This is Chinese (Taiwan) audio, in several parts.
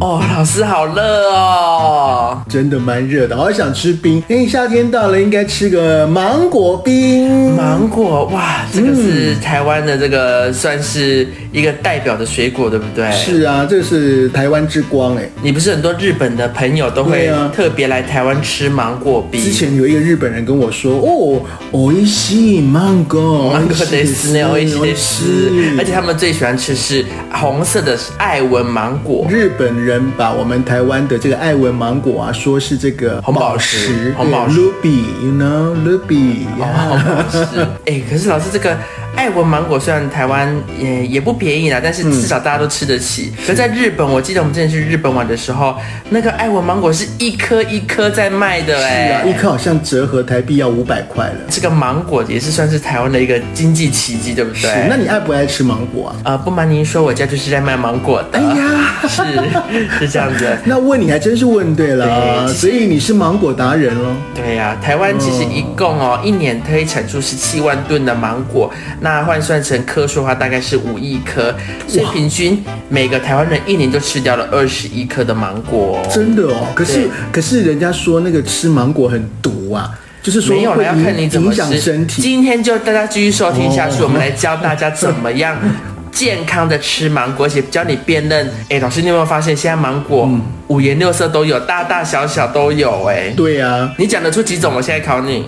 哦，老師好熱哦，真的蠻熱的，好想吃冰。因、欸、為夏天到了，應該吃個芒果冰。芒果哇，這個是台灣的這個、嗯、算是一個代表的水果，對不對？是啊，這個是台灣之光哎。你不是很多日本的朋友都會特別來台灣吃芒果冰，啊？之前有一個日本人跟我說，哦，おいしい芒果，芒果的意思呢，おいしい，而且他們最喜歡吃是紅色的愛文芒果，日本人。人把我們台灣的這個愛文芒果啊，說是這個紅寶石，紅寶石，Ruby，you，哎，know Ruby，嗯 yeah. 哦哦哦， 哎，可是老師這個。愛文芒果雖然台灣也也不便宜啦，但是至少大家都吃得起。嗯、可是在日本，我記得我們之前去日本玩的時候，那個愛文芒果是一顆一顆在賣的，哎、是啊，一顆好像折合台幣要五百塊了。這個芒果也是算是台灣的一個經濟奇蹟，對不對？是。那你愛不愛吃芒果啊？啊、呃，不瞞您說，我家就是在賣芒果的。哎呀，是是這樣子。 那問你還真是問對了，對，所以你是芒果達人哦？對呀、啊，台灣其實一共哦，哦一年可以產出十七萬噸的芒果。那換算成顆數的話，大概是五億顆，所以平均每個台灣人一年就吃掉了二十一顆的芒果。真的哦，可是可是人家說那個吃芒果很毒啊，就是說會影響你怎麼吃響身體。今天就大家繼續收聽下去。哦，我們來教大家怎麼樣健康的吃芒果，哦，而且教你辨認。哎，老師，你有沒有發現現在芒果五顏六色都有，大大小小都有、欸？哎，對呀、啊，你講得出幾種？我現在考你。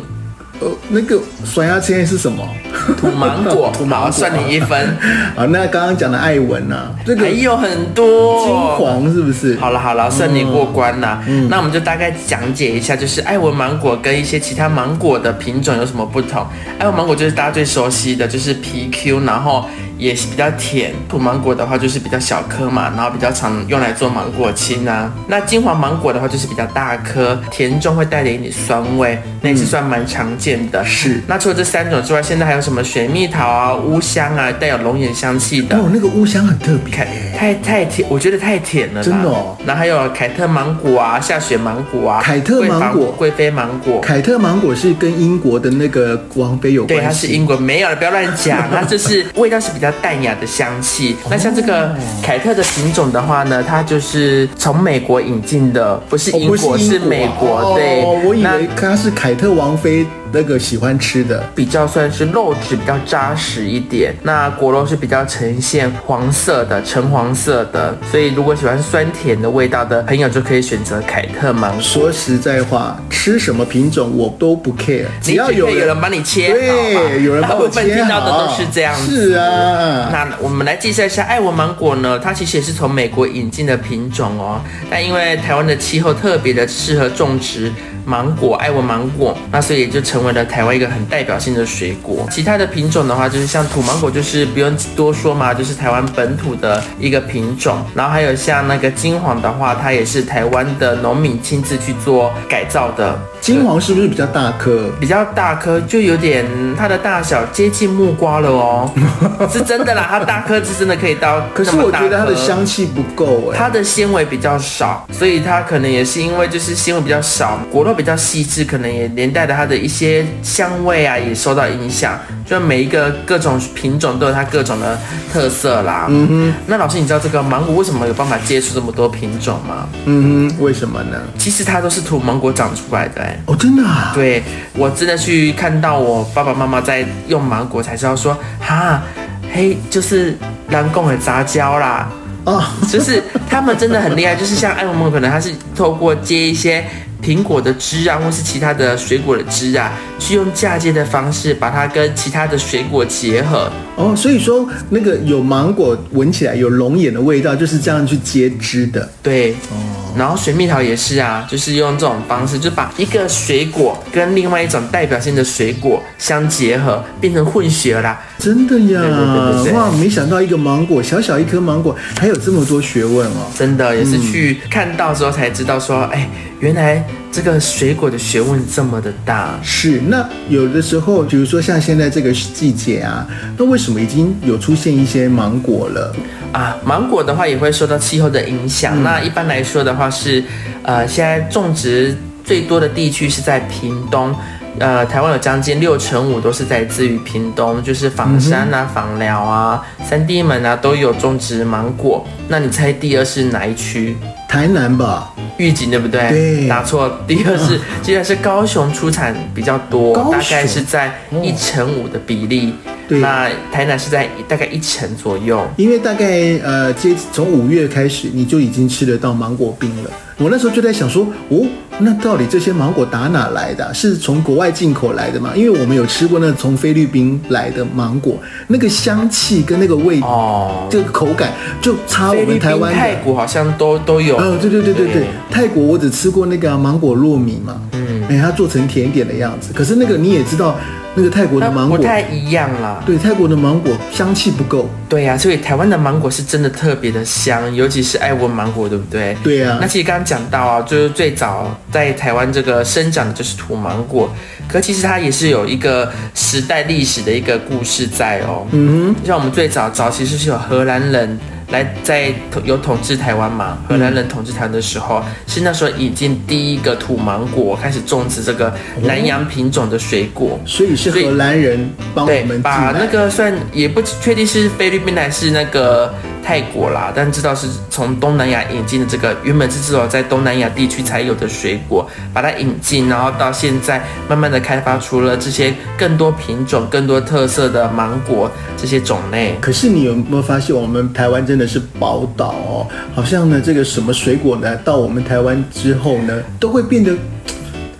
呃、哦，那個酸牙籤是什麼？土芒果，土 芒果，芒果，算你一分。啊，那剛剛講的愛文呢？啊？這個還有很多金黃，是不是？好了好了，算你過關了。嗯、那我們就大概講解一下，就是愛文芒果跟一些其他芒果的品種有什麼不同。愛、嗯、文芒果就是大家最熟悉的，就是 PQ，然後。也是比較甜，土芒果的話就是比較小顆嘛，然後比較常用來做芒果青啊。那金黃芒果的話就是比較大顆，甜中會帶點一點酸味，嗯、那也是算蠻常見的。是。那除了這三種之外，現在還有什麼水蜜桃啊、烏香啊，帶有龍眼香氣的。哦，那個烏香很特別，太太甜，我覺得太甜了，真的、哦。然後還有凱特芒果啊、下雪芒果啊、凱特芒果、貴妃芒果。凱特芒果是跟英國的那個王妃有關係。對，它是英國沒有的，不要亂講。那 這是味道是比較。淡雅的香氣。那像這個凱、哦、特的品種的話呢，它就是從美國引進的，不、哦，不是英國，是美國。哦、對，我以為它是凱特王妃。那個喜歡吃的比較算是肉質比較扎實一點，那果肉是比較呈現黃色的，橙黃色的，所以如果喜歡酸甜的味道的朋友就可以選擇凱特芒果。說實在話，吃什麼品種我都不 care，只要有人，有人幫你切，啊，對，有人幫我切。部、啊、分聽到的都是這樣子，是啊。那我們來介紹一下愛文芒果呢，它其實也是從美國引進的品種哦，但因為台灣的氣候特別的適合種植芒果，愛文芒果，那所以也就成。成為了台灣一個很代表性的水果。其他的品種的話，就是像土芒果，就是不用多說嘛，就是台灣本土的一個品種。然後還有像那個金煌的話，它也是台灣的農民親自去做改造的。金煌是不是比較大顆？比較大顆就有點它的大小接近木瓜了哦。是真的啦，它大顆是真的可以到。可是我覺得它的香氣不夠，它的纖維比較少，所以它可能也是因為就是纖維比較少，果肉比較細緻，可能也連帶的它的一些。香味啊，也受到影響。就每一個各種品種都有它各種的特色啦。嗯哼，那老師，你知道這個芒果為什麼有辦法接出這麼多品種嗎？嗯哼，為什麼呢？其實它都是土芒果長出來的、欸。哦，真的啊？對，我真的去看到我爸爸媽媽在用芒果，才知道說，哈，嘿，就是人工的雜交啦。哦，就是他們真的很厲害，就是像愛文可能他是透過接一些。蘋果的枝啊，或是其他的水果的枝啊，去用嫁接的方式把它跟其他的水果結合。哦，所以說那個有芒果聞起來有龍眼的味道，就是這樣去接枝的。對。哦然後水蜜桃也是啊，就是用這種方式，就把一個水果跟另外一種代表性的水果相結合，變成混血啦。真的呀對對，哇，沒想到一個芒果，小小一顆芒果，還有這麼多學問哦。真的也是去看到的時候才知道說，嗯、哎，原來。這個水果的學問這麼的大。啊，是，那有的時候，比如說像現在這個季節啊，那為什麼已經有出現一些芒果了啊？芒果的話也會受到氣候的影響。嗯。那一般來說的話是，呃，現在種植最多的地區是在屏東，呃，台灣有將近六成五都是來自於屏東，就是枋山啊、嗯、枋寮啊、三地門啊都有種植芒果。那你猜第二是哪一區？台南吧。預警對不對？對，打錯了。第二是，既然是高雄出產比較多，高雄大概是在一成五的比例。對，那台南是在大概一成左右，因為大概呃，接從五月開始，你就已經吃得到芒果冰了。我那時候就在想說，哦，那到底這些芒果打哪來的啊？是從國外進口來的嗎？因為我們有吃過那從菲律賓來的芒果，那個香氣跟那個味哦，這個口感就差。我們台灣、泰國好像都都有。嗯，哦，對對對對對，對，泰國我只吃過那個芒果糯米嘛。嗯。哎，它做成甜點的樣子，可是那個你也知道，那個泰國的芒果不太一樣啦。對，泰國的芒果香氣不夠。對啊，所以台灣的芒果是真的特別的香，尤其是愛文芒果，對不對？對啊。那其實剛剛講到啊，就是最早在台灣這個生長的就是土芒果，可其實它也是有一個時代歷史的一個故事在哦。嗯，就像我們最早早期就是有荷蘭人，來在有統治台灣嘛，荷蘭人統治台灣的時候，嗯、是那時候引進第一個土芒果，開始種植這個南洋品種的水果，哦、所以是荷蘭人幫，幫我們。對，把那個算也不確定是菲律賓還是那個。嗯泰國啦，但知道是從東南亞引進的這個，原本是至少在東南亞地區才有的水果，把它引進，然後到現在慢慢的開發出了這些更多品種、更多特色的芒果這些種類。可是你有沒有發現，我們台灣真的是寶島哦，好像呢，這個什麼水果呢，到我們台灣之後呢，都會變得。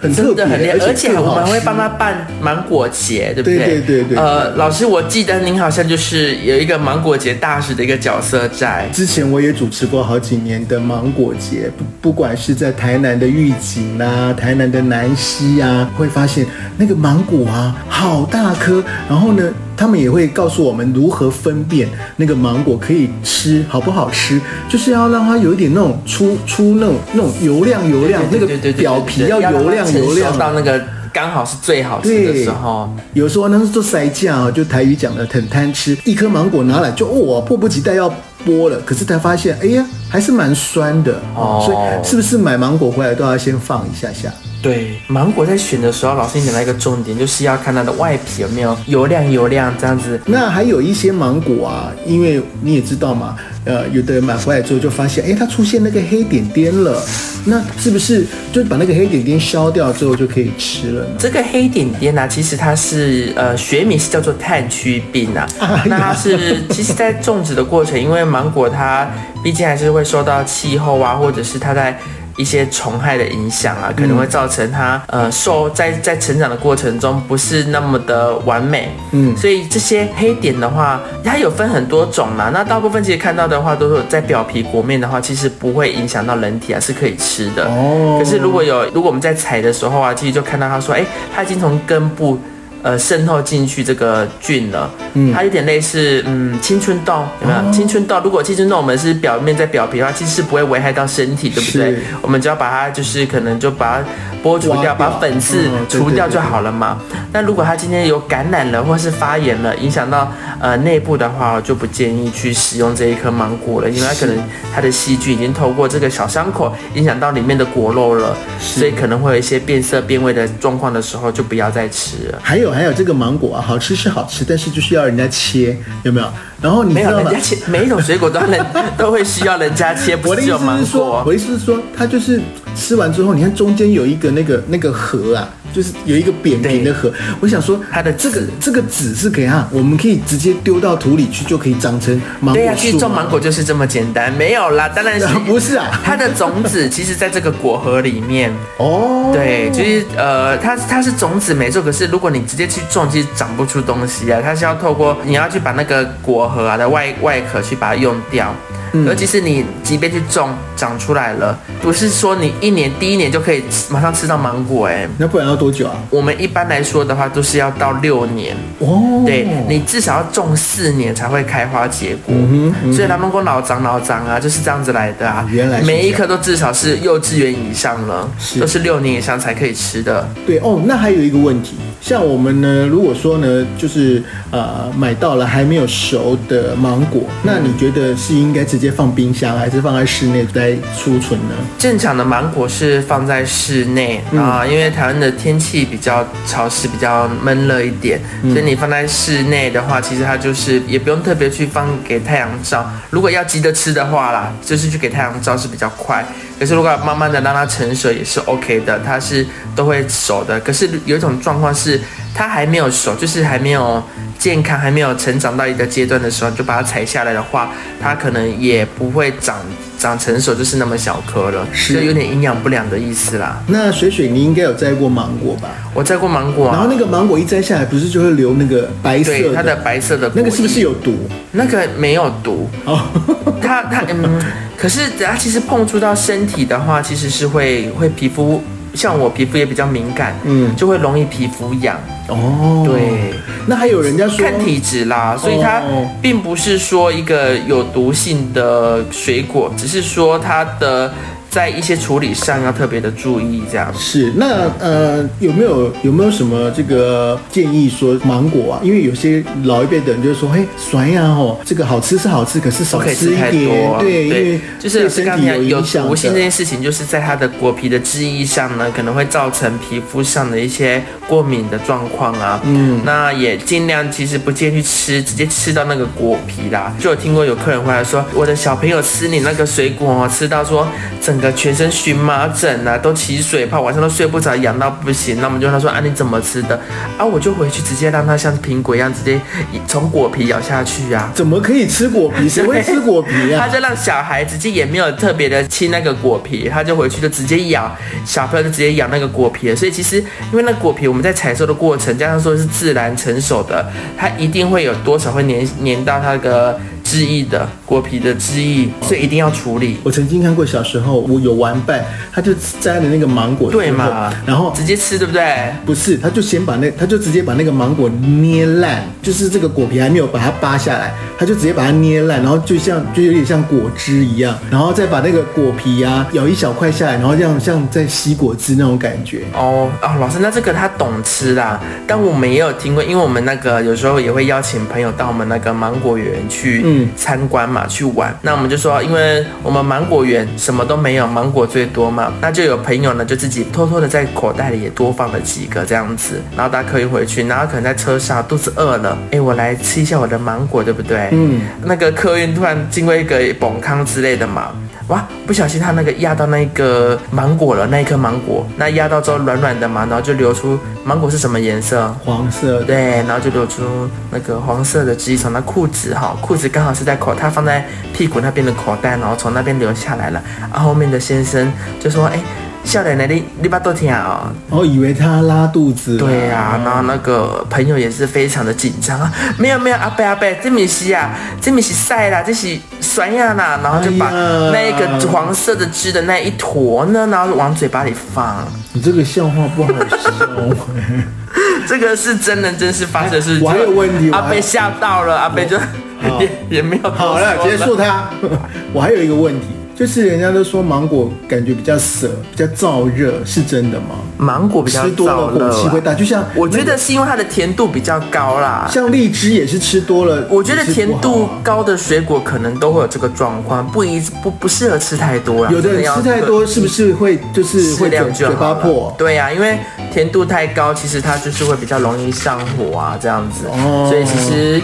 很特別，真的很厲害，而且我們會幫他辦芒果節，對不對？對對對對，呃，對對對對，老師，我記得您好像就是有一個芒果節大使的一個角色在。之前我也主持過好幾年的芒果節，不管是在台南的玉井啊、台南的南溪啊，會發現那個芒果啊，好大顆。然後呢，他們也會告訴我們如何分辨那個芒果可以吃好不好吃，就是要讓它有一點那種出出那種那種油亮油亮，那個表皮要油亮油亮，到那個剛好是最好吃的時候。有時候呢，做塞醬啊，就台語講的很貪吃，一顆芒果拿來就哇、哦、迫不及待要剝了，可是才發現哎呀還是蠻酸的哦，哦，所以是不是買芒果回來都要先放一下下？對，芒果在選的時候，老師講到一個重點，就是要看它的外皮有沒有油亮油亮這樣子。那還有一些芒果啊，因為你也知道嘛，呃，有的人買回來之後就發現，哎，它出現那個黑點點了，那是不是就把那個黑點點削掉之後就可以吃了呢？這個黑點點啊，其實它是呃學名是叫做炭疽病啊、哎。那它是其實在種植的過程，因為芒果它畢竟還是會受到氣候啊，或者是它在。一些蟲害的影響啊，可能會造成它呃受在在成長的過程中不是那麼的完美，嗯，所以這些黑點的話，它有分很多種嘛、啊，那大部分其實看到的話，都是在表皮果面的話，其實不會影響到人體啊，是可以吃的。哦，可是如果有如果我們在採的時候啊，其實就看到它說，哎、欸，它已經從根部。呃，滲透進去這個菌了，嗯，它有點類似，嗯，青春痘，有沒有？啊、青春痘，如果青春痘我們是表面在表皮的話，其實是不會危害到身體，對不對？我們只要把它，就是可能就把它剝除掉，把粉刺除掉就好了嘛。那、嗯、如果它今天有感染了，或是發炎了，影響到呃內部的話，我就不建議去使用這一顆芒果了，因為它可能它的細菌已經透過這個小傷口，影響到裡面的果肉了，所以可能會有一些變色、變味的狀況的時候，就不要再吃了。還有。還有這個芒果啊，好吃是好吃，但是就是要人家切，有沒有？然後你知道嗎？沒有人家切，每一種水果都讓 都會需要人家切。不是只有芒果，我的意思是說，我意思是說，它就是吃完之後，你看中間有一個那個那個核啊。就是有一個扁平的核，我想說、這個、它的這個這個籽，是給它、啊，我們可以直接丟到土裡去，就可以長成芒果樹對呀、啊，其實種芒果就是這麼簡單，沒有啦，當然是、啊、不是啊？它的種子其實在這個果核裡面。哦， 對，其、就、實、是、呃，它它是種子沒錯，可是如果你直接去種，其實長不出東西啊。它是要透過你要去把那個果核啊的外外殼去把它用掉，尤、嗯、其是你即便去種，長出來了，不是說你一年第一年就可以馬上吃到芒果哎、欸，那不然要多久啊？我們一般來說的話，都、就是要到六年哦。對，你至少要種四年才會開花結果，嗯嗯、所以他們說老長老長啊，就是這樣子來的啊。嗯、原來是每一棵都至少是幼稚園以上了，都是、就是六年以上才可以吃的。對哦，那還有一個問題。像我們呢，如果說呢，就是呃買到了還沒有熟的芒果，那你覺得是應該直接放冰箱，還是放在室內再儲存呢？正常的芒果是放在室內啊、嗯呃，因為台灣的天氣比較潮濕，比較悶熱一點，所以你放在室內的話，其實它就是也不用特別去放給太陽照。如果要急着吃的話啦，就是去給太陽照是比較快。可是，如果慢慢的讓它成熟也是 OK 的，它是都會熟的。可是有一種狀況是，它還沒有熟，就是還沒有健康、還沒有成長到一個階段的時候，你就把它採下來的話，它可能也不會長。長成熟就是那麼小顆了是，就有點營養不良的意思啦。那水水，你應該有摘過芒果吧？我摘過芒果、啊、然後那個芒果一摘下來，不是就會流那個白色的？對，它的白色的那個是不是有毒？那個沒有毒。哦， 它它嗯，可是它其實碰觸到身體的話，其實是會會皮膚。像我皮膚也比較敏感，嗯，就會容易皮膚癢哦。對，那還有人家說看體質啦，所以它並不是說一個有毒性的水果，只是說它的。在一些處理上要特別的注意，這樣是那、嗯、呃有沒有有沒有什麼這個建議說芒果啊？因為有些老一輩的人就是說，嘿酸呀哦，這個好吃是好吃，可是少吃一點吃太多對，對，因為對就是身體有影響。有無這件事情，就是在它的果皮的汁液上呢，可能會造成皮膚上的一些過敏的狀況啊。嗯，那也儘量其實不建議吃，直接吃到那個果皮啦。就有聽過有客人回來說，我的小朋友吃你那個水果、喔，吃到說整。全身蕁麻疹啊，都起水泡，晚上都睡不着，癢到不行。那我們就跟他說啊，你怎麼吃的啊？我就回去直接讓他像蘋果一樣，直接從果皮咬下去呀、啊。怎麼可以吃果皮？誰會吃果皮啊？他就讓小孩直接也沒有特別的親那個果皮，他就回去就直接咬，小朋友就直接咬那個果皮了。所以其實因為那果皮我們在採收的過程，加上說是自然成熟的，它一定會有多少會粘粘到那個。汁液的果皮的汁液，所以一定要處理。我曾經看過，小時候我有玩伴，他就摘了那個芒果，對嘛？然後直接吃，對不對？不是，他就先把那，他就直接把那個芒果捏爛，就是這個果皮還沒有把它扒下來，他就直接把它捏爛，然後就像就有點像果汁一樣，然後再把那個果皮啊咬一小塊下來，然後這樣像在吸果汁那種感覺。哦啊、哦，老師，那這個他懂吃啦。但我們也有聽過，因為我們那個有時候也會邀請朋友到我們那個芒果園去。嗯參觀嘛，去玩。那我們就說，因為我們芒果園什麼都沒有，芒果最多嘛，那就有朋友呢，就自己偷偷的在口袋裡也多放了幾個這樣子，然後搭客運回去，然後可能在車上肚子餓了，哎，我來吃一下我的芒果，對不對？嗯，那個客運突然經過一個崩坑之類的嘛。哇！不小心他那個壓到那一個芒果了，那一顆芒果，那壓到之後軟軟的嘛，然後就流出芒果是什麼顏色？黃色，對，然後就流出那個黃色的汁，從那褲子哈，褲子剛好是在口，他放在屁股那邊的口袋，然後從那邊流下來了。然後，後面的先生就說：“哎、欸，少年的，你你把哦，然後我以為他拉肚子、啊。對啊，然後那個朋友也是非常的緊張啊，沒有沒有，阿伯阿伯，這米西呀，這米西曬啦、啊，這是。酸呀吶，然後就把那一個黃色的汁的那一坨呢，哎、然後就往嘴巴裡放。你這個笑話不好笑，哦， 這個是真人真實發生的事情。我還有問題，阿貝嚇到了，阿貝就也也，也沒有了好了，結束他。我還有一個問題。就是人家都說芒果感覺比較澀、比較燥熱，是真的嗎？芒果比較燥熱、啊、吃多了火氣會大，就像、那個、我覺得是因為它的甜度比較高啦。像荔枝也是吃多了，啊、我覺得甜度高的水果可能都會有這個狀況，不一，不不適合吃太多啊。有的人吃太，吃太多是不是會就是會量就嘴巴破、啊？對呀、啊，因為甜度太高，其實它就是會比較容易上火啊，這樣子。哦，所以其實。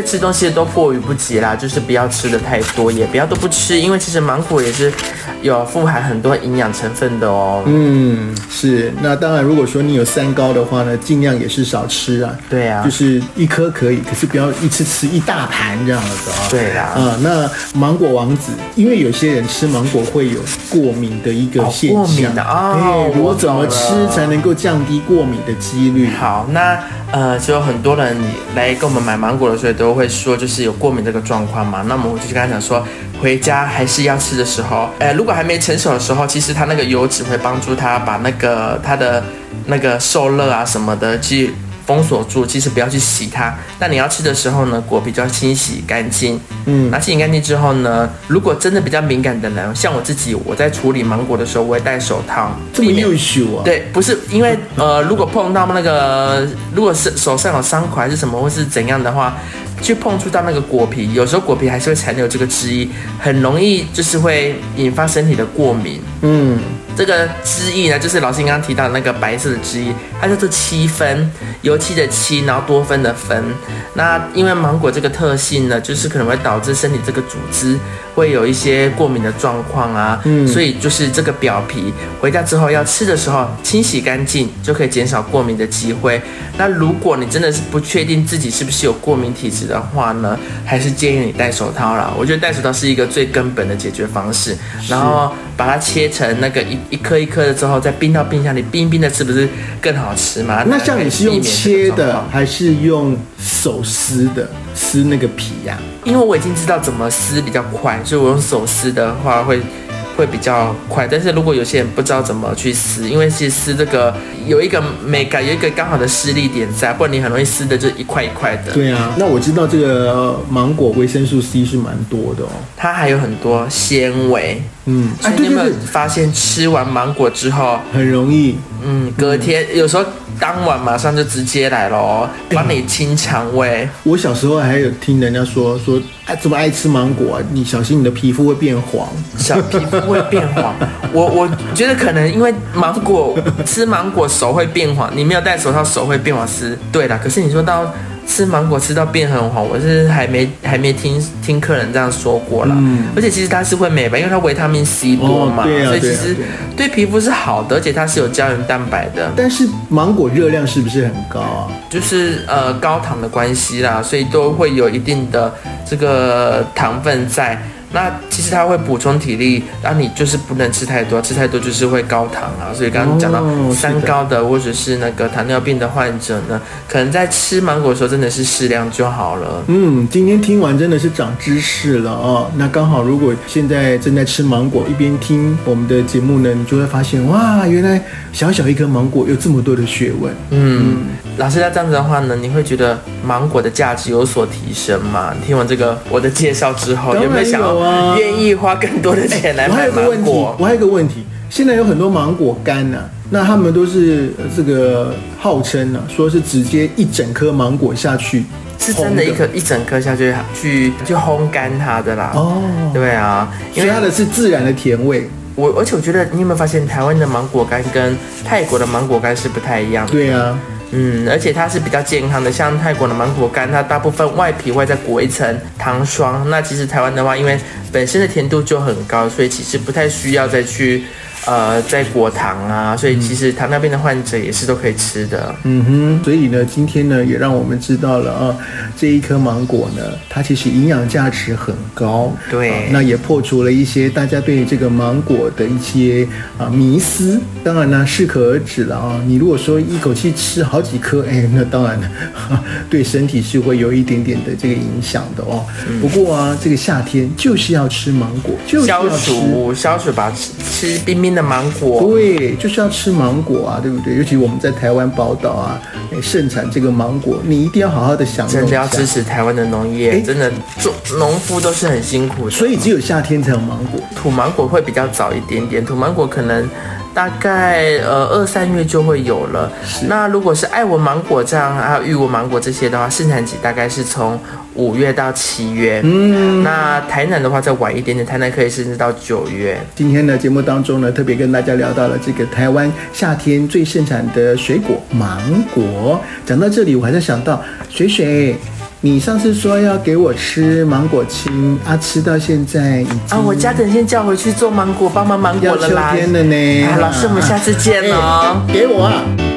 對，吃東西都過於不及啦，就是不要吃的太多，也不要都不吃，因為其實芒果也是有富含很多營養成分的哦。嗯，是。那當然，如果說你有三高的話呢，盡量也是少吃啊。對啊。就是一顆可以，可是不要一次吃一大盤這樣子啊。對啊。嗯，那芒果王子，因為有些人吃芒果會有過敏的一個現象。哦、過敏的啊、哦。我怎麼吃才能夠降低過敏的幾率？好，那呃，就很多人你來跟我們買芒果的時候都。都會說就是有過敏這個狀況嘛，那麼我就跟他講說，回家還是要吃的時候，哎、呃，如果還沒成熟的時候，其實它那個油脂會幫助他把那個他的那個受熱啊什麼的去封鎖住，其實不要去洗它。那你要吃的時候呢，果皮就要清洗乾淨。嗯，那清洗乾淨之後呢，如果真的比較敏感的人，像我自己，我在處理芒果的時候，我會戴手套。這麼優秀啊！對，不是因為呃，如果碰到那個，如果是手上有傷口還是什麼，或是怎樣的話，去碰觸到那個果皮，有時候果皮還是會殘留這個汁液，很容易就是會引發身體的過敏。嗯。這個汁液呢，就是老師剛剛提到的那個白色的汁液，它叫做七分油漆的漆，然後多酚的酚。那因為芒果這個特性呢，就是可能會導致身體這個組織會有一些過敏的狀況啊，嗯，所以就是這個表皮回家之後要吃的時候清洗乾淨，就可以減少過敏的機會。那如果你真的是不確定自己是不是有過敏體質的話呢，還是建議你戴手套啦。我覺得戴手套是一個最根本的解決方式，然後把它切成那個一。一顆一顆的之後再冰到冰箱裡，冰冰的吃不是更好吃嗎？那像你是用切的還是用手撕的，撕那個皮呀？因為我已經知道怎麼撕比較快，所以我用手撕的話會。會比較快，但是如果有些人不知道怎麼去撕，因為其實撕這個有一個美感，有一個剛好的施力點在，不然你很容易撕的就一塊一塊的。對啊，那我知道這個芒果維生素 C 是蠻多的哦，它還有很多纖維。嗯，哎，對，你有沒有發現吃完芒果之後很容易，嗯，隔天，嗯，有時候。當晚馬上就直接來咯，幫你清腸胃。欸，我小時候還有聽人家說說，哎，這麼愛吃芒果，你小心你的皮膚會變黃，小皮膚會變黃。我我覺得可能因為芒果，吃芒果手會變黃，你沒有戴手套，手會變黃絲。對啦，可是你說到。吃芒果吃到變很黃，我是還沒還沒聽聽客人這樣說過啦、嗯。而且其實它是會美白，因為它維他命 C 多嘛、哦對啊，所以其實對皮膚是好的，對啊對啊對啊、而且它是有膠原蛋白的。但是芒果熱量是不是很高啊？就是呃高糖的關係啦，所以都會有一定的這個糖分在。那其實它會補充體力，但你就是不能吃太多，吃太多就是會高糖啊。所以剛剛講到三高的，、哦、的或者是那個糖尿病的患者呢，可能在吃芒果的時候真的是適量就好了。嗯，今天聽完真的是長知識了哦。那剛好如果現在正在吃芒果，一邊聽我們的節目呢，你就會發現哇，原來小小一顆芒果有這麼多的學問、嗯。嗯，老師，那這樣子的話呢，你會覺得芒果的價值有所提升嗎？你聽完這個我的介紹之後，剛剛有沒有想要？願意花更多的錢來買芒果，欸我。我還有一個問題，現在有很多芒果乾呢、啊，那他們都是這個號稱呢、啊，說是直接一整顆芒果下去，是真的一，一顆一整顆下去去去烘乾它的啦。哦，對啊，因為所以它的是自然的甜味。我而且我覺得，你有沒有發現台灣的芒果乾跟泰國的芒果乾是不太一樣的。對啊。嗯，而且它是比較健康的，像泰國的芒果乾，它大部分外皮會再裹一層糖霜。那其實台灣的話，因為本身的甜度就很高，所以其實不太需要再去。呃，在果糖啊，所以其實糖尿病的患者也是都可以吃的。嗯哼，所以呢，今天呢也讓我們知道了啊，這一顆芒果呢，它其實營養價值很高。對。啊、那也破除了一些大家對這個芒果的一些啊迷思。當然呢、啊，適可而止了啊。你如果說一口氣吃好幾顆，哎，那當然、啊、對身體是會有一點點的這個影響的哦。嗯、不過啊，這個夏天就是要吃芒果，就是、消暑消暑吧，吃、嗯、吃冰冰。的芒果，對，就是要吃芒果啊，對不對？尤其我們在台灣寶島啊，誒，盛產這個芒果，你一定要好好的享受。真的要支持台灣的農業，真的做農夫都是很辛苦的。所以只有夏天才有芒果，土芒果會比較早一點點，土芒果可能。大概呃，二三月就會有了。那如果是愛文芒果這樣，還有玉文芒果這些的話，盛產期大概是從五月到七月。嗯，那台南的話再晚一點點，台南可以甚至到九月。今天的節目當中呢，特別跟大家聊到了這個台灣夏天最盛產的水果——芒果。講到這裡，我還在想到水水。你上次說要給我吃芒果青，阿、啊、吃到現在已經……啊，我家等先叫回去做芒果，幫忙芒果了啦。要秋天了呢、啊啊，老師，我們下次見了、欸，給我、啊。